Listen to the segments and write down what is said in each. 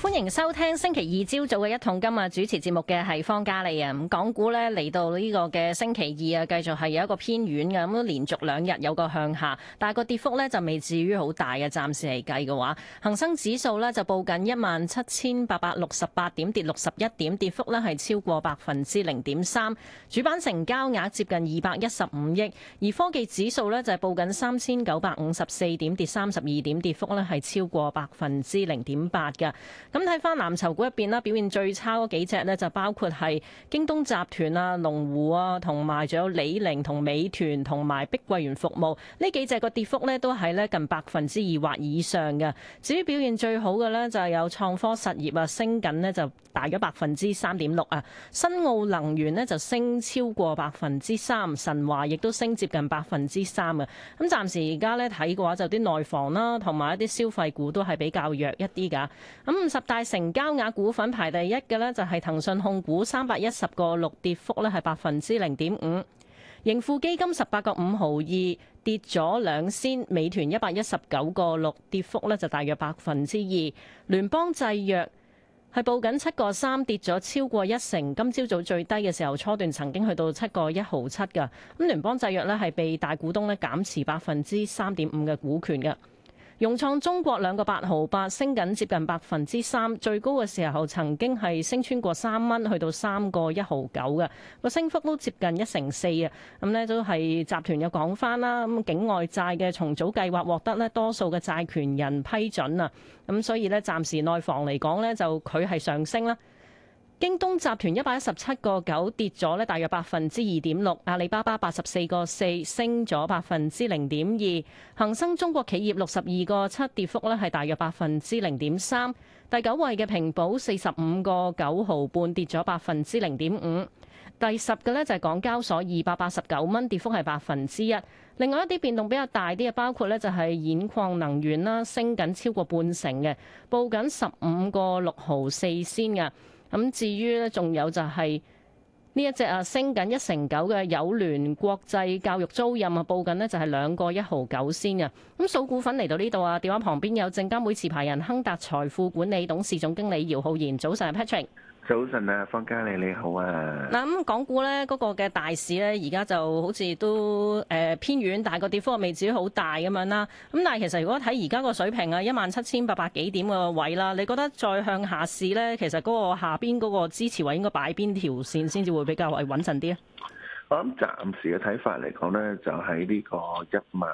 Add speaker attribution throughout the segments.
Speaker 1: 歡迎收聽星期二朝早嘅一桶金，今日主持節目嘅係方嘉莉啊。咁港股咧嚟到呢個嘅星期二啊，繼續係有一個偏軟嘅咁，連續兩日有個向下，但係個跌幅呢就未至於好大嘅。暫時嚟計嘅話，恒生指數呢就報緊一萬七千八百六十八點，跌六十一點，跌幅呢係超過百分之零點三。主板成交額接近二百一十五億，而科技指數呢就係報緊三千九百五十四點，跌三十二點，跌幅呢係超過百分之零點八嘅。咁睇翻藍籌股入邊啦，表現最差嗰幾隻呢就包括係京東集團啊、龍湖啊，同埋仲有李寧、同美團、同埋碧桂園服務呢幾隻個跌幅呢，都係呢近百分之二或以上嘅。至於表現最好嘅呢，就係有創科實業啊，升緊呢就大約百分之三點六啊，新奧能源呢，就升超過百分之三，神華亦都升接近百分之三啊。咁暫時而家呢，睇嘅話就啲內房啦，同埋一啲消費股都係比較弱一啲㗎。咁。十大成交額股份排第一嘅呢，就係騰訊控股三百一十個六，跌幅呢，係百分之零點五。盈富基金十八個五毫二，跌咗兩仙。美團一百一十九個六，跌幅呢，就大約百分之二。聯邦製藥係報緊七個三，跌咗超過一成。今朝早，早最低嘅時候，初段曾經去到七個一毫七㗎。咁聯邦製藥呢，係被大股東呢減持百分之三點五嘅股權嘅。融創中國兩個八毫八升緊，接近百分之三，最高嘅時候曾經係升穿過三蚊，去到三個一毫九嘅個升幅都接近一成四啊、嗯！咁呢都係集團有講翻啦，咁境外債嘅重組計劃獲得咧多數嘅債權人批准啊，咁、嗯、所以呢，暫時內房嚟講呢，就佢係上升啦。京東集團一百一十七個九跌咗咧，大約百分之二點六。阿里巴巴八十四個四升咗百分之零點二。恒生中國企業六十二個七跌幅咧係大約百分之零點三。第九位嘅平保四十五個九毫半跌咗百分之零點五。第十個呢就係港交所二百八十九蚊，跌幅係百分之一。另外一啲變動比較大啲嘅，包括呢就係兗礦能源啦，升緊超過半成嘅，報緊十五個六毫四先嘅。咁至於咧，仲有就係呢一隻啊升緊一成九嘅友聯國際教育租賃啊，報緊咧就係兩個一毫九先嘅。咁數股份嚟到呢度啊，電話旁邊有證監會持牌人亨達財富管理董事總經理姚浩然，早晨，Patrick。
Speaker 2: 早晨啊，方嘉莉你好啊！嗱，
Speaker 1: 咁港股咧嗰、那個嘅大市咧，而家就好似都誒、呃、偏軟，但係個跌幅未至於好大咁樣啦。咁但係其實如果睇而家個水平啊，一萬七千八百幾點個位啦，你覺得再向下試咧，其實嗰個下邊嗰個支持位應該擺邊條線先至會比較係穩陣啲咧？
Speaker 2: 我諗暫時嘅睇法嚟講咧，就喺呢個一萬，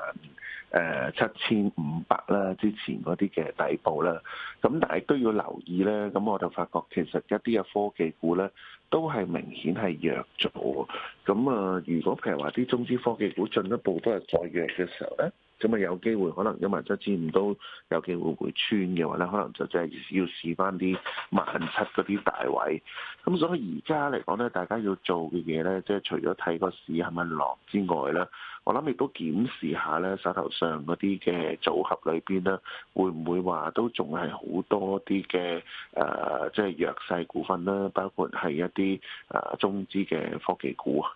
Speaker 2: 誒、呃、七千五百啦，之前嗰啲嘅底部啦，咁但係都要留意咧。咁我就發覺其實一啲嘅科技股咧，都係明顯係弱咗。咁啊，如果譬如話啲中資科技股進一步都係再弱嘅時候咧，咁啊，有機會可能一萬七千五都有機會會穿嘅話咧，可能就即係要試翻啲萬七嗰啲大位。咁所以而家嚟講咧，大家要做嘅嘢咧，即係除咗睇個市係咪落之外咧，我諗亦都檢視下咧，手頭上嗰啲嘅組合裏邊咧，會唔會話都仲係好多啲嘅誒，即係弱勢股份啦，包括係一啲誒中資嘅科技股啊。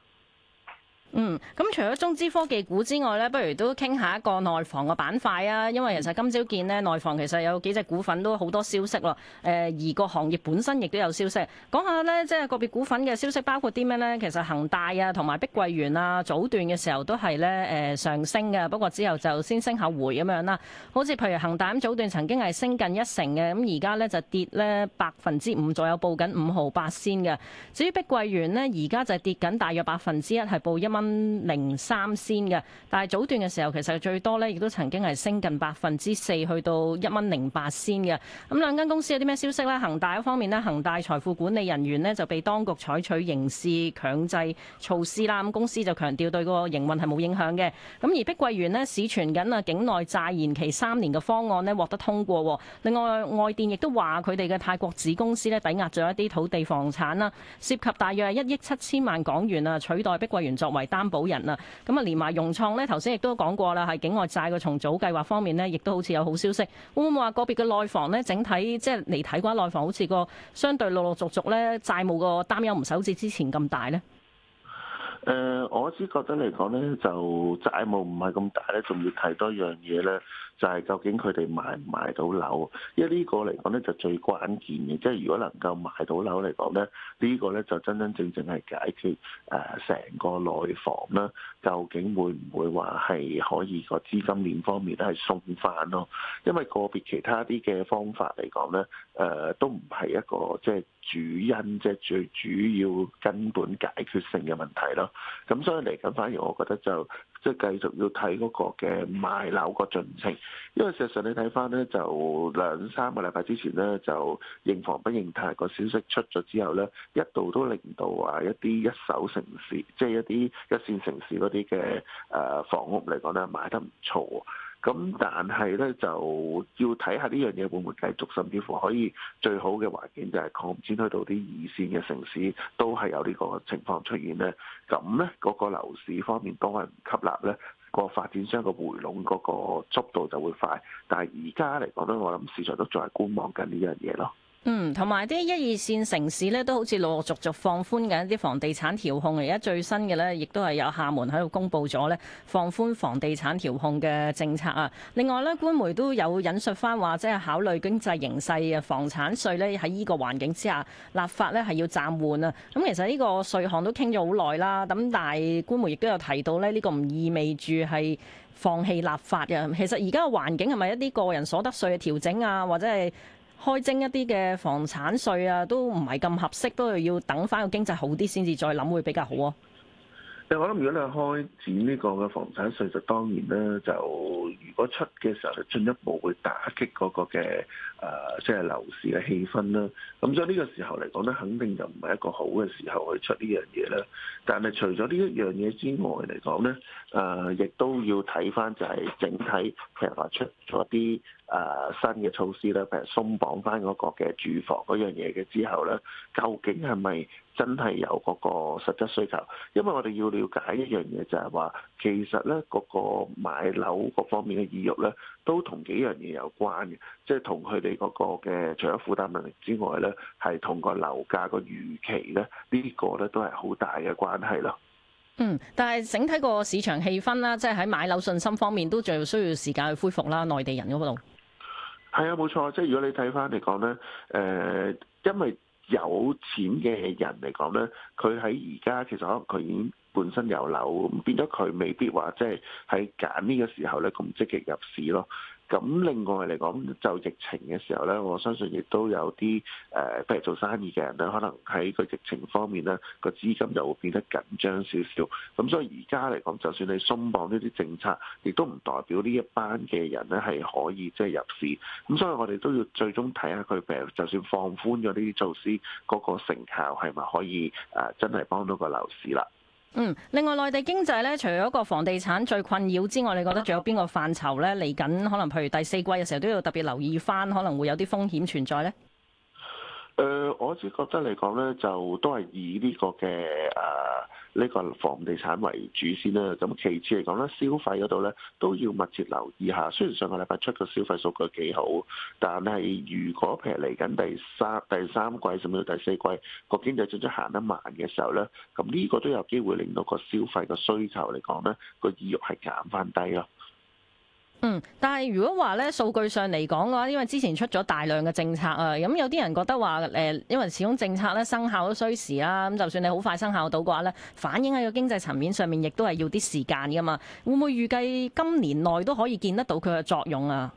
Speaker 1: 嗯，咁、啊、除咗中資科技股之外咧，不如都傾下一個內房嘅板塊啊！因為其實今朝見咧內房其實有幾隻股份都好多消息咯。誒、呃，而個行業本身亦都有消息。講下呢即係個別股份嘅消息，包括啲咩呢？其實恒大啊，同埋碧桂園啊，早段嘅時候都係呢誒、呃、上升嘅，不過之後就先升後回咁樣啦。好似譬如恒大咁，早段曾經係升近一成嘅，咁而家呢就跌呢百分之五左右，報緊五毫八仙嘅。至於碧桂園呢，而家就係跌緊大約百分之一，係報一蚊。一蚊零三仙嘅，但係早段嘅時候其實最多咧，亦都曾經係升近百分之四，去到一蚊零八仙嘅。咁兩間公司有啲咩消息咧？恒大一方面咧，恒大財富管理人員咧就被當局採取刑事強制措施啦。咁公司就強調對個營運係冇影響嘅。咁而碧桂園咧，市傳緊啊，境內債延期三年嘅方案咧獲得通過，另外外電亦都話佢哋嘅泰國子公司咧抵押咗一啲土地房產啦，涉及大約一億七千萬港元啊，取代碧桂園作為擔保人啊，咁啊連埋融創咧，頭先亦都講過啦，係境外債嘅重組計劃方面咧，亦都好似有好消息。會唔會話個別嘅內房咧，整體即係嚟睇嘅話，就是、內房好似個相對陸陸續續咧，債務個擔憂唔係好似之前咁大咧？
Speaker 2: 誒，我只覺得嚟講咧，就債務唔係咁大咧，仲要睇多樣嘢咧，就係、是、究竟佢哋買唔買到樓，因為呢個嚟講咧就最關鍵嘅，即係如果能夠買到樓嚟講咧，呢、這個咧就真真正正係解決誒成個內房啦。究竟會唔會話係可以個資金鏈方面咧係送翻咯，因為個別其他啲嘅方法嚟講咧，誒、呃、都唔係一個即係。就是主因即係最主要根本解決性嘅問題咯，咁所以嚟緊反而我覺得就即係繼續要睇嗰個嘅賣樓個進程，因為事實上你睇翻咧就兩三個禮拜之前咧就認房不認貸個消息出咗之後咧，一度都令到啊一啲一手城市即係、就是、一啲一線城市嗰啲嘅誒房屋嚟講咧賣得唔錯。咁但係咧，就要睇下呢樣嘢會唔會繼續，甚至乎可以最好嘅環境就係擴展去到啲二線嘅城市，都係有呢個情況出現咧。咁咧，嗰、嗰個樓市方面當然唔吸納咧，個發展商個回籠嗰個速度就會快。但係而家嚟講咧，我諗市場都仲係觀望緊呢樣嘢咯。
Speaker 1: 嗯，同埋啲一二線城市咧，都好似陸陸續續放寬緊一啲房地產調控。而家最新嘅咧，亦都係有廈門喺度公布咗咧放寬房地產調控嘅政策啊。另外咧，官媒都有引述翻話，即係考慮經濟形勢啊，房產稅咧，喺依個環境之下立法咧係要暫緩啊。咁其實呢個稅項都傾咗好耐啦。咁但係官媒亦都有提到咧，呢個唔意味住係放棄立法嘅。其實而家嘅環境係咪一啲個人所得稅嘅調整啊，或者係？開徵一啲嘅房產稅啊，都唔係咁合適，都係要等翻個經濟好啲先至再諗會比較好啊。
Speaker 2: 我諗如果你係開展呢個嘅房產稅，就當然咧就如果出嘅時候，就進一步去打擊嗰個嘅誒，即、呃、係、就是、樓市嘅氣氛啦。咁所以呢個時候嚟講咧，肯定就唔係一個好嘅時候去出呢樣嘢啦。但係除咗呢一樣嘢之外嚟講咧，誒、呃、亦都要睇翻就係整體，譬如話出咗啲誒新嘅措施咧，譬如鬆綁翻嗰個嘅住房嗰樣嘢嘅之後咧，究竟係咪？真係有嗰個實質需求，因為我哋要了解一樣嘢就係話，其實咧嗰個買樓各方面嘅意欲咧，都同幾樣嘢有關嘅，即係同佢哋嗰個嘅除咗負擔能力之外咧，係同個樓價個預期咧，呢個咧都係好大嘅關係咯。嗯，
Speaker 1: 但係整體個市場氣氛啦，即係喺買樓信心方面都仲需要時間去恢復啦。內地人嗰度
Speaker 2: 係啊，冇錯。即係如果你睇翻嚟講咧，誒、呃，因為。有錢嘅人嚟講咧，佢喺而家其實可能佢已經。本身有樓咁，變咗佢未必話即係喺揀呢個時候咧咁積極入市咯。咁另外嚟講，就疫情嘅時候咧，我相信亦都有啲誒，譬如做生意嘅人咧，可能喺個疫情方面咧，個資金就會變得緊張少少。咁所以而家嚟講，就算你鬆綁呢啲政策，亦都唔代表呢一班嘅人咧係可以即係入市。咁所以我哋都要最終睇下佢，譬如就算放寬咗呢啲措施，嗰個成效係咪可以誒真係幫到個樓市啦？
Speaker 1: 嗯，另外，內地經濟咧，除咗個房地產最困擾之外，你覺得仲有邊個範疇咧，嚟緊可能譬如第四季嘅時候都要特別留意返，可能會有啲風險存在咧？
Speaker 2: 誒、呃，我自覺得嚟講咧，就都係以呢個嘅誒。啊呢個房地產為主先啦，咁其次嚟講咧，消費嗰度咧都要密切留意下。雖然上個禮拜出個消費數據幾好，但係如果譬如嚟緊第三第三季甚至到第四季個經濟進出行得慢嘅時候咧，咁呢個都有機會令到個消費個需求嚟講咧個意欲係減翻低咯。
Speaker 1: 嗯，但係如果話咧數據上嚟講嘅話，因為之前出咗大量嘅政策啊，咁有啲人覺得話誒，因為始終政策咧生效都需時啦，咁就算你好快生效到嘅話咧，反映喺個經濟層面上面，亦都係要啲時間㗎嘛，會唔會預計今年內都可以見得到佢嘅作用啊？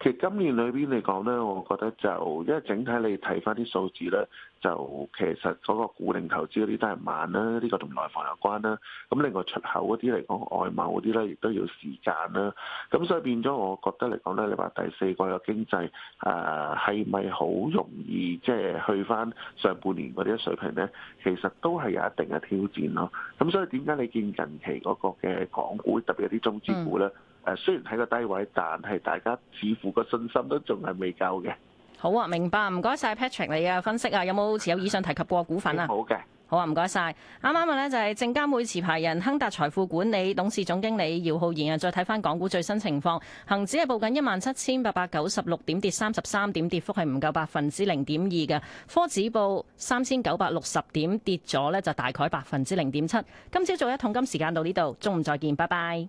Speaker 2: 其實今年裏邊嚟講咧，我覺得就因為整體你睇翻啲數字咧，就其實嗰個固定投資嗰啲都係慢啦，呢個同內房有關啦。咁另外出口嗰啲嚟講，外貿嗰啲咧亦都要時間啦。咁所以變咗，我覺得嚟講咧，你話第四個嘅經濟誒係咪好容易即係去翻上半年嗰啲水平咧？其實都係有一定嘅挑戰咯。咁所以點解你見近期嗰個嘅港股特別啲中資股咧？嗯誒，雖然喺個低位，但係大家似乎個信心都仲係未夠嘅。
Speaker 1: 好啊，明白，唔該晒 Patrick 你嘅分析啊，有冇持有以上提及過股份啊？好嘅，好啊，唔該晒。啱啱問呢，就係證監會持牌人亨達財富管理董事總經理姚浩然啊，再睇翻港股最新情況。恒指係報緊一萬七千八百九十六點，跌三十三點，跌幅係唔夠百分之零點二嘅。科指報三千九百六十點，跌咗呢，就大概百分之零點七。今朝早一桶金時間到呢度，中午再見，拜拜。